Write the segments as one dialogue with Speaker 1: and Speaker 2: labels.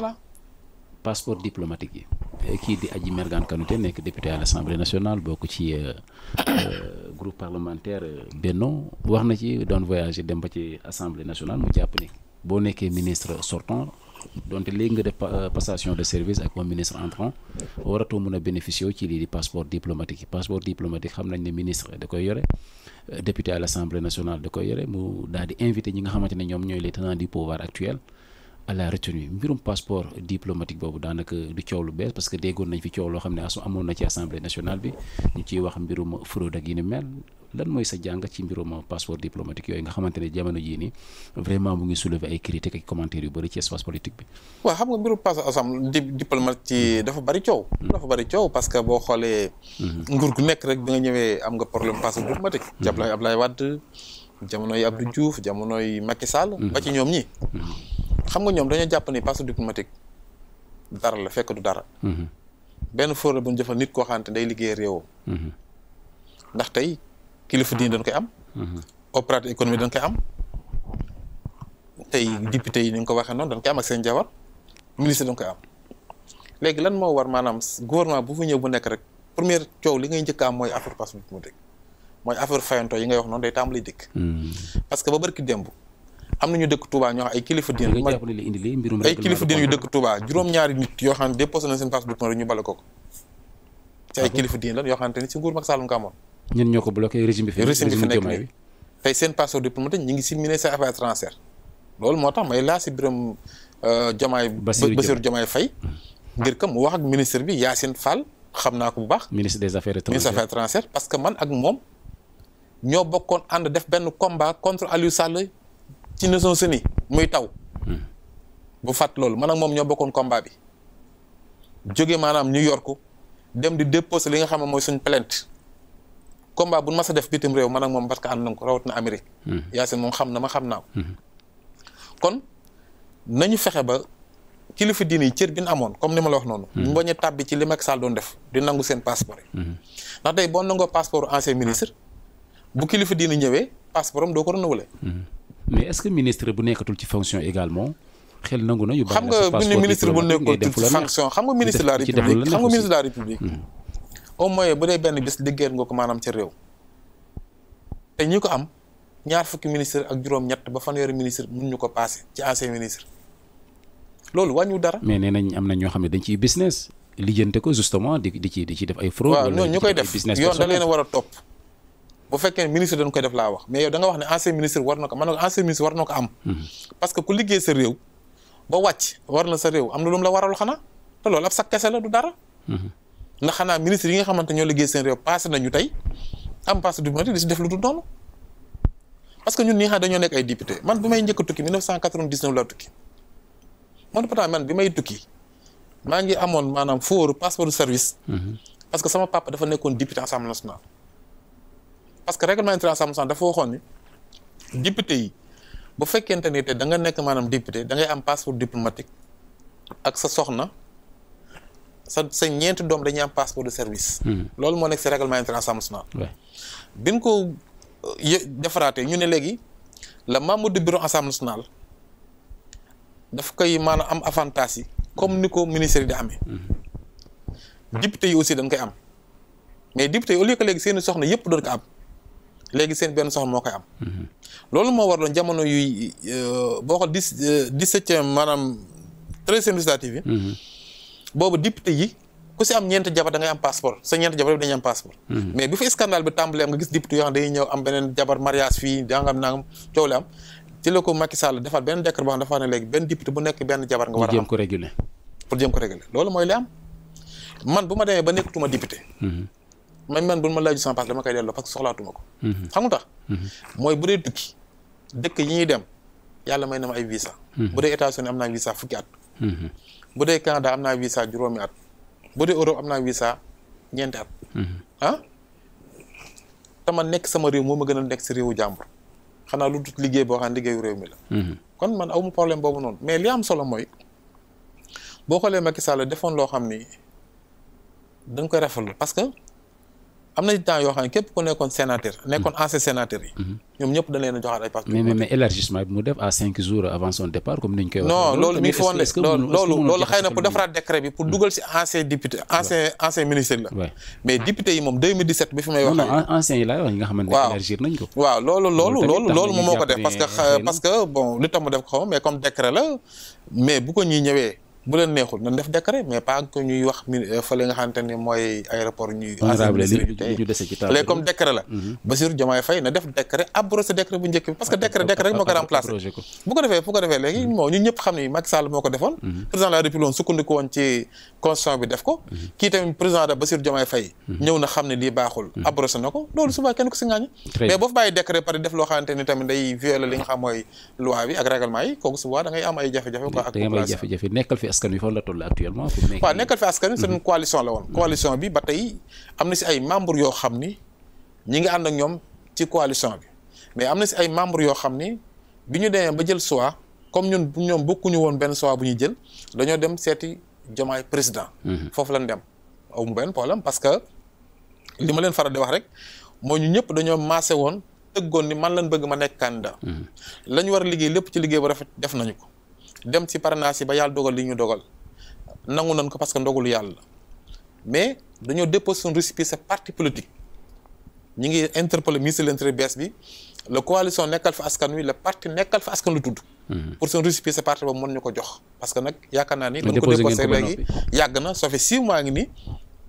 Speaker 1: voilà.
Speaker 2: passeport diplomatique yi. Eh, kii di Adji Mergane Kanouté nekk député à l'Assemblée nationale bokk ci euh, euh, groupe parlementaire euh, Benno wax na ci doon voyager dem ba ci Assemblée nationale mu jàpp ni boo nekkee ministre sortant donte léegi nga def passation de service ak un ministre entrant waratoo mën a bénéficier ci lii di passeport diplomatique yi passeport diplomatique xam nañ ne ministre da koy yore député à l'Assemblée nationale da koy yore mu daal di invité ñi nga xamante ne ñoom ñooy les tenants du pouvoir actuel. à la retenue mbirum passeport diplomatique boobu daanaka du coow lu bees parce que déggoon nañ fi coow loo xam ne asu amoon na ci assemblée nationale bi ñu ciy wax mbirum fraude ak yi ni mel lan mooy sa jàng ci mbirum passeport diplomatique yooyu nga xamante ne jamono jii nii vraiment mu ngi soulever ay critiques ak commentaires yu bëri ci espace politique bi.
Speaker 1: waaw xam nga mbirum passeport asam diplomatique dafa hmm. dafa bëri coow parce que boo xoolee. Hmm. nguur gu nekk rek nga ñëwee am nga problème passeport diplomatique. ci hmm. Ablaye Ablaye Wade jamonoy Abdou Diouf jamonoy Macky Sall. ba ci ñoom ñi xam nga ñoom dañoo jàpp ni passeport diplomatique dara la fekk du dara. Mhm. benn forêt bu ñu jëfal nit koo xamante day liggéey réewam. Mhm. ndax tey kilifa diine dañ koy am. Mhm. opérateur économique dañ koy am. tey député yi ni nga ko waxee noonu dañ koy am seen jabar ministre dañ koy am. léegi lan moo war maanaam gouvernement bu fi ñëw bu nekk rek première coow li ngay njëkk am mooy affaire passeport diplomatique mooy affaire fayanto yi ngay wax noonu day tàmbali dikk. parce que ba barki demb am nañu dëkk Touba ñoo xam ay kilifa diine ay kilifa diine yu dëkk Touba juróom-ñaari nit yoo xam ne déposé seen Facebook rek ñu bale ko ko ci ay ah kilifa diine lan yoo xamante ne si nguur Macky Sall nga amoon
Speaker 2: ñun ñoo ko bloqué régime bi fi nekk bi
Speaker 1: tey seen passeport diplomatique ñi ngi si ministère affaires étrangères loolu moo tax may laa si biram euh, Diomaye Bassirou Diomaye Faye hmm. ngir kam mu wax ak ministre bi seen Fall xam naa ko bu baax ministre des affaires étrangères parce que man ak moom ñoo bokkoon ànd def benn combat contre Aliou Sall ci Nations Unies muy taw. Hmm. bu fàtt loolu man ak moom ñoo bokkoon combat bi. jóge maanaam New York dem di déposer li nga xam ne mooy suñ plainte. combat bu nu ma sa def bitim réew ma nag moom parce que ànd na ko rawatina Amérique. Hmm. Yacine moom xam na ma xam naa ko. Hmm. kon nañu fexe ba kilifa diine yi cër bi ñu amoon comme ni ma la wax noonu. ñu bañ a tàbbi ci li Macky Sall doon def di nangu seen passeport yi. ndax tey boo nangoo passeport ancien ministre bu kilifa diine ñëwee passeport am doo
Speaker 2: mais est-ce que ministre bu nekkatul ci fonction également xel nangu na yu baax xam nga ministre bu nekkatul ci fonction xam nga ministre de la république xam hmm. nga ministre
Speaker 1: de bu dee benn bis liggéeyal nga ko maanaam ci réew te ñi ko am ñaar fukki ministre ak juróom-ñett ba fanweeri ministre mun ñu ko passé ci ancien ministre loolu
Speaker 2: wàññu dara. mais nee nañ am na ñoo xam ne dañ ciy business lijjante ko justement di di ci di ci def ay fraude. waaw
Speaker 1: ñu koy def yoon da leen a war a topp. bu fekkee ministre dañ koy def laa wax mais yow da wax ne ancien ministre war na ko am. parce que ku liggéey sa réew. ba wàcc war na sa réew am na lu mu la waral xanaa te loolu ab sakkese la du dara. ndax xanaa ministre yi nga xamante ñoo liggéey seen réew passé nañu tey am passé du def lu du noonu. parce que ñun nii xam dañoo nekk ay député man bi may njëkk a tukki 1999 laa tukki man pourtant man bi may tukki maa ngi amoon maanaam fóoru passeport de service. Mhm. parce que sama papa dafa nekkoon député assemblée nationale. parce que règlement intérieur Assemblée nationale dafa waxoon ni député yi bu fekkente ni te da nga nekk maanaam député dangay ngay am passeport diplomatique ak sa soxna sa sa ñeenti doom dañuy am passeport de service. Hmm. loolu moo nekk si règlement intérieur Assemblée nationale. bi ñu ko euh, defaraatee ñu ne léegi la membre du bureau Assemblée nationale daf koy maanaam am avantage yi comme ni ko ministère di amee. Hmm. député yi aussi dañ koy am mais député yi au lieu que léegi seeni soxna yëpp doon ko am. léegi seen benn soxna moo koy am. loolu moo waraloon jamono yuy euh, boo xool dix euh, dix-septième maanaam treizième législative yi. Mhm. boobu député yi ku si am ñeenti jabar da ngay am passeport sa ñeenti jabar bi dañuy am passeport. Mhm. mais bi fa scandale gis député yoo xam dañuy ñëw am beneen jabar mariage fii dangam nangam coow la am ci la ko Macky Sall defaat benn décret boo xam dafa ne léegi benn député bu nekk benn jabar nga war a am ko réguler. loolu mooy li man bu ma demee ba nekkatuma député. Mhm. man man bu ma laaju sama pass dama koy delloo parce que soxlaatuma ko. Mhm. xam nga tax. Mhm. mooy bu dee tukki dëkk yi ñuy dem yàlla may na ma ay visa. Mhm. bu dee États-Unis am naa visa fukki at. bu dee Canada am naa visa juróomi at. bu dee Europe am naa visa ñeenti at. ah a nekk sama réew moom ma gën a nekk si réewu jàmbur xanaa lu dul liggéey boo xam liggéeyu réew mi la. kon man aw ma problème boobu noonu mais li am solo mooy boo xoolee Macky Sall defoon loo xam ni dañ koy rafetlu parce am na temps yoo xam képp ku nekkoon sénateur. Mm-hmm. nekkoon ancien sénateur yi. Mm-hmm. ñoom ñëpp dañ leen a joxaat ay
Speaker 2: passeport. jours avant son départ comme ni koy non loolu mi ngi
Speaker 1: pour defaraat décret bi pour dugal si ancien député ancien ancien ministre la. mais député yi moom 2017 bi fi may. wax non non ancien yi laay wax nga xamante élargir nañ ko. waaw loolu loolu loolu moom moo ko def parce que parce tax mu def ko xaw mais comme décret la mais bu bu leen neexul nañ def décret mais pas que ñuy wax mi euh, fële nga mooy aéroport ñuy ñu dese comme décret la mhm. Bassirou Diomaye Faye na def décret abrogé décret bu njëkk bi parce que décret moo ko remplacé bu ko defee bu ko defee léegi mhm. moo ñun ñëpp xam ne Macky Sall moo ko defoon mhm. président de la République woon sukkandiku woon ci constitution bi def ko kii tamit président de Bassirou Diomaye Faye ñëw na xam ne lii baaxul abrogé na ko loolu souvent kenn ko si ngaañu mais boo fa bàyyi décret pare def loo xamante ni tamit day violer li nga xam mooy loi bi
Speaker 2: askan wi fan la toll actuellement. waaw nekkal
Speaker 1: fi askan wi c'est une mhm. coalition la woon. Mhm. coalition bi ba tey am na si ay membre yoo xam ni ñi ngi ànd ak ñoom ci coalition bi mais am na si ay membres yoo xam ni bi ñu demee ba jël choix comme ñun ñoom bokkuñu woon benn choix bu ñuy jël dañoo dem seeti jamaay président. Mhm. foofu lañ dem aw mu benn problème parce que li ma leen faral di wax rek mooy ñu ñëpp dañoo maase woon tëggoon ni man lañ bëgg ma nekk candidat. la ñu war a liggéey lépp ci liggéey bu rafet def nañu ko. dem si parrainage yi ba yàlla dogal li ñu dogal nangu nañ ko parce que ndogalu yàlla mais dañoo déposé suñu récépissé parti politique ñu ngi interpellé ministre de l'intérieur bees bi la coalition nekkal fa askan wi le parti nekkal fa askan lu tudd. Mhm. pour suñu récépissé parti boobu mën ñu ko jox. parce que nag yaakaar naa ni. dañ ko déposé léegi yàgg na soo fi six mois ngi nii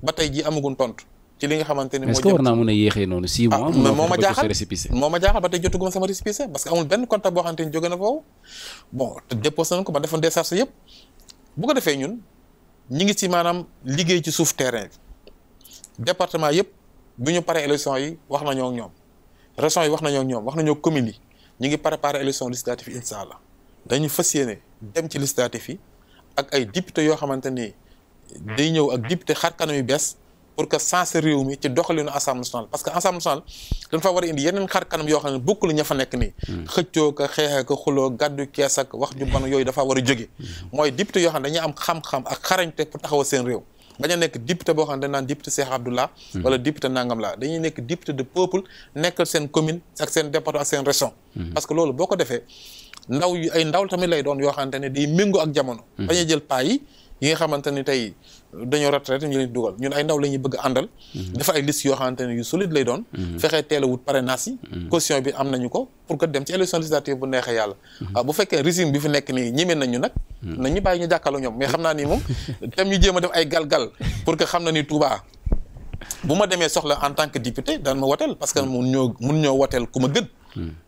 Speaker 1: ba tey jii amaguñ tontu. ci li nga xamante ni. moo jëm
Speaker 2: est-ce a yéexee noonu 6 mois. Ah, moo ma jaaxal
Speaker 1: moo ma jaaxal ba tey jotuguma sama récépissé parce que amul benn contact boo xamante ni jóge na foofu bon te déposé nañ ko ba defoon des charges yëpp bu defee ñun ñi ngi si maanaam liggéey ci suuf terrain bi département yëpp bu ñu paree élection yi wax nañoo ak ñoom région yi wax nañoo ñoom wax nañoo commune yi ñu ngi préparé élection législative yi incha allah dañu fas yéene dem ci législative yi ak ay diputé yoo xamante ni day ñëw ak député xar kanam yu bees pour que sens réew mi ci doxalinu assemblée nationale parce que assemblée nationale dañ fa war a indi yeneen xar kanam yoo xam ne hmm. wax ju ban yooyu dafa war a jóge. Hmm. mooy député yoo xam ne dañuy am xam-xam ak xarañte pour taxawal seen réew. bañ nekk député boo xam ne dañ naan député Cheikh Abdoullah hmm. wala député nangam dañuy nekk député de peuple nekkal seen commune ak seen seen région. parce que loolu boo ko defee ndaw yu ay ndaw tamit lay doon yoo xamante ne day méngoo ak jamono. bañ a jël paa yi nga xamante ni tey dañoo retraité ñu leen dugal ñun ay ndaw la ñuy bëgg àndal mhm. dafa ay liste yoo xamante ne yu solide lay doon mhm. fexee teel a wut parrainage mhm. bi am nañu ko pour que dem ci élection législative bu neexee yàlla ah, bu fekkee régime bi fi nekk nii ñimee nañu nag nañu bàyyi ñu jàkkaarloo ñoom mais xam naa nii moom tam ñu jéem a def ay gal gal pour que xam na ni Touba bu ma demee soxla en tant que député daan ma woteel parce que mun ñoo mun ñoo woteel ku ma gën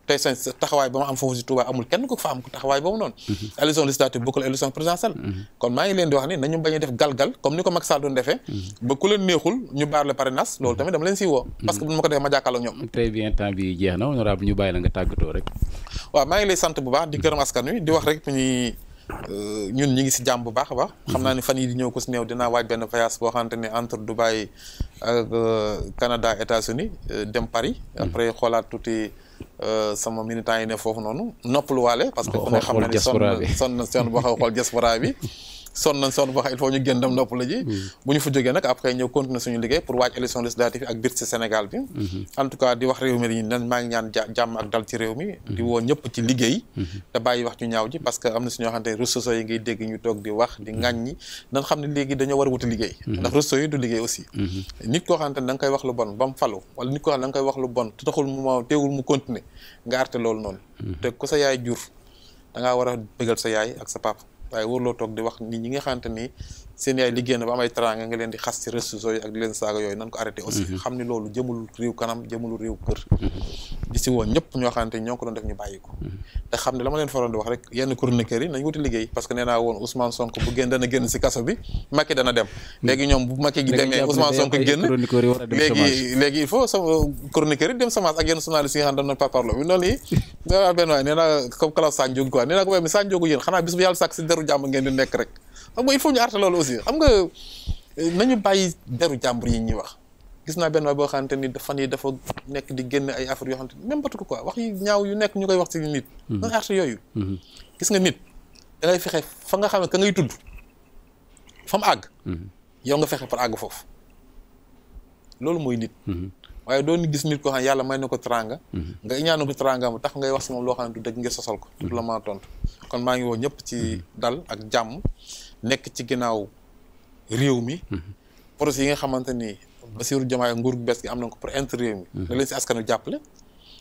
Speaker 1: tey sañ taxawaay ba ma am foofu si Touba amul kenn ku fa am taxawaay boobu noonu mhm. élection législative bokkul élection présidentielle mhm. kon maa ngi leen di wax ni nañu bañ a def galgal comme ni ko Macky Sall doon defee mhm. ba ku leen neexul ñu baar le parrainage loolu tamit dama leen siy parce que bu ko defee ma jàkkaarloo ak ñoom très bien temps bi jeex na honorable ñu bàyyi la nga tàggatoo rek waaw maa ngi lay sant bu baax di gërëm askan wi di wax rek ñuy euh, ñun ñu ngi si jàmm bu baax a baax xam naa ne fan yi di ñëw ko si néew dinaa waaj benn voyage boo xamante ne entre Dubaï ak euh, Canada États-Unis euh, dem Paris après xoolaat tuuti Euh, sama militant yi ne foofu noonu noppaluwaale parce que ku ne xam na ni sonn sonn sonn boo xaw xool diaspora bi son nañ sonn boo xam il faut ñu génn dem nopp la ji hmm. bu ñu fa jógee nag après ñëw continuer suñu liggéey pour waaj élection législative ak biir si Sénégal bi hmm. en di wax réew mi hmm. ñaaw ji parce que am na suñoo xamante ne ressources yi ngay ñu toog di wax di ŋàññi nan xam ne léegi dañoo war a wuti liggéey ndax ressources yi du liggéey aussi nit koo xamante ne da nga koy wax lu bon ba mu falu wala nit koo xam ne da nga koy wax lu bon te taxul mu ma teewul mu continuer nga arte loolu noonu te ku sa yaay jur da ngaa war a bëggal sa yaay ak sa papa waaye warloo toog di wax nit ñi nga xamante ni seen yaay liggéey na ba am ay teraanga nga leen di xas ci ressources yooyu ak leen saaga yooyu nan ko arrêté aussi mm-hmm. xam ni loolu jëmul réew kanam jëmul réew kër mm-hmm. si woon ñëpp ñoo xamante ñoo ko doon def ñu bàyyi mm-hmm. que nee naa woon Ousmane Sonko dana génn si kaso bi Macky dana dem léegi ñoom bu Macky gi demee Ousmane génn léegi il faut sa chroniqueurs yi ak mi Sane Diogou yéen xanaa bis bu yàlla sàkk si deru jàmm ngeen di nekk rek xam nga il faut ñu arrêté loolu aussi xam nga euh, nañu bàyyi deru jàmbur yi ñuy wax gis naa benn waay boo xamante ni fan yi dafa nekk di génn ay affaires yoo xamante ni même batu ko quoi wax yi ñaaw yu nekk ñu koy wax ci nit. Hmm. yooyu. Hmm. gis nga nit da ngay fexe fa nga xam ne ka ngay tudd fa mu àgg. Hmm. yow nga fexe par àgg foofu loolu mooy nit. waaye doon gis nit koo xam yàlla may na ko teranga nga ñaanu ko teranga mu tax ngay wax si moom loo xam ne du dëgg nga sosal ko. du la mën a tontu kon maa ngi woo ñëpp ci dal ak jàmm. nekk ci ginnaaw réew mi. Mhm. projet yi nga xamante ni. Bassirou Diomaye nguur gu bees gi am na ko pour intérêt réew mi. Mhm. na leen si askan wi jàppale.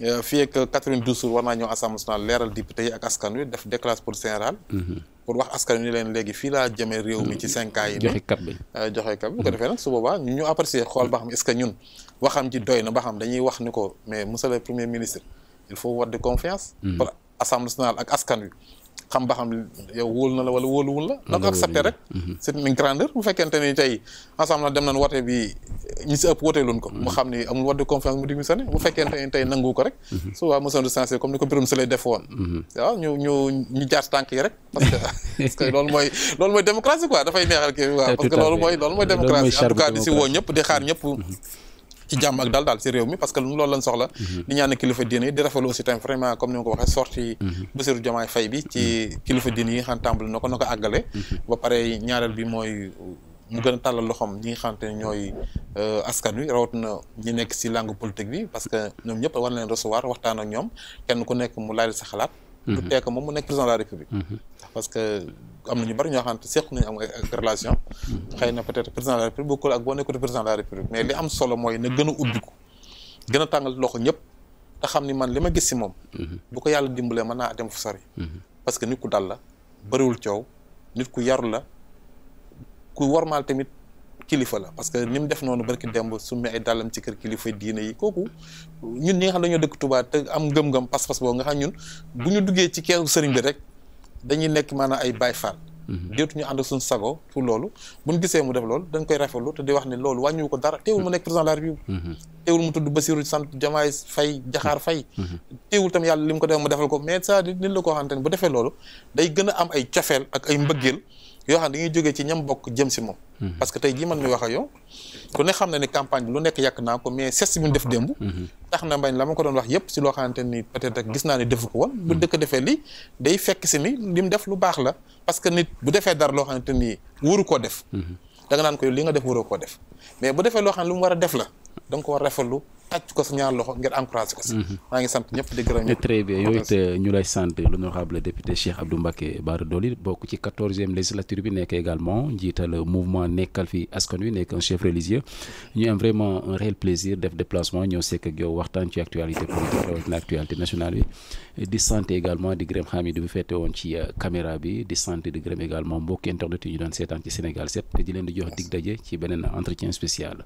Speaker 1: Euh, fii ak 92 jours war naa ñëw assemblée nationale leeral député yi ak askan wi mhm. pour wax askan wi leen léegi fii laa réew mi ci 5 mm. ans yi nii joxe kab bi euh, joxe ko mm. defee nag su boobaa ñu apprécier xool ba xam est ñun waxam ci doy na ba xam dañuy wax ni ko mais monsieur premier ministre il faut war de confiance mm. pour assemblée nationale ak askan wi xam ba xam yow na la wala wóoluwul la na ko accepté rek c'est une ñi si ëpp woteeluñ ko mu xam ni amul wàllu confiance mu démissionné mu fekkente ne tey nangu ko rek mhm. su mhm. waaw ñu ñu ñu rek loolu mooy démocratie quoi dafay neexal kii waaw eh, parce que loolu mooy démocratie en di si woo ñëpp di xaar mhm. ñëpp ci jàmm ak daal daal si réew mi parce que loolu lañ soxla di ñaan kilifa diine yi di rafetlu aussi tamit comme ni ma ko waxee sorti Bassirou Diomaye Faye bi ci kilifa diine yi nga xam na ko na ko àggale ba pare mu gën a tàllal loxoom ñi nga xamante ne ñooy euh, askan wi na ñu nekk si langue politique bi parce que ñoom ñëpp war na leen recevoir waxtaan ak ñoom kenn ku nekk mu laaj sa xalaat. du mhm. tee moom mu nekk président de la république. Mhm. parce que am na ñu bari ñoo xam ne seq nañu am ak relation. Mhm. xëy na peut-être président de la république bokkul ak boo nekkul président de la république mais li am solo mooy na gën a ubbiku gën a tàngal loxo ñëpp te xam ni man li ma gis si moom. bu ko yàlla dimbalee mën naa dem fu sori. parce que nit ku la bëriwul coow nit ku yaru la. ku war maal tamit kilifa la parce que ni mu def noonu ba barki demb summi ay dàllam ci kër kilifa diine yi kooku ñun ñi nga xam dañoo dëkk Touba te am ngëm-ngëm pas-pas boobu nga xam ñun bu ñu duggee ci keeru sëriñ bi rek dañuy nekk maanaam ay Baay Faal mhm. déetu ñu ànd suñ sago pour loolu buñ gisee mu def loolu dañ koy rafetlu te di wax ne loolu wàññiwu ko dara teewul mu nekk président de la République mhm. teewul mu tudd Bassirou sant Diomaye Faye Diakhar mhm. Faye teewul tam yàlla li mu ko def mu defal ko mais ça nit la koo xamante bu defee loolu day gën a am ay ak ay yoo xam ne dañuy jóge ci ñam bokk jëm si moom. Mhm. parce que tey jii man mi wax ak yow ku ne xam na ne campagne bi lu nekk yàq naa ko mais ses bi mu def démb. Mhm. Mhm. tax na mbañ la ma ko doon wax yëpp si loo ne ni peut-être rek gis naa ne defu ko woon. bu dëkk defee lii day fekk si ni li mu def lu baax la parce que nit bu defee dara loo xam xamante nii wóoru koo def. da nga naan ko li nga def wóoroo koo def mais bu defee loo xam ne lu mu war a def la danga ko war a rafetlu tàcc ko sa ñaar loxo ngir encouragé ko mhm. maa ngi sant ñëpp di gërëm ñëpp. très bien yooyu it
Speaker 2: ñu lay sant l'honorable député Cheikh Abdou Mbacké Bara Dolly bokk ci quatorzième législature nekk également njiital mouvement nekkal fi askan wi nekk un chef religieux ñu am def déplacement ñëw waxtaan ci actualité politique rawatina actualité nationale bi di sant également di gërëm di bi fete woon ci euh, caméra bi di sant di gërëm également mbokki internet yi ñu doon seetaan ci Sénégal 7 te di leen di jox dig daje ci beneen entretien spécial.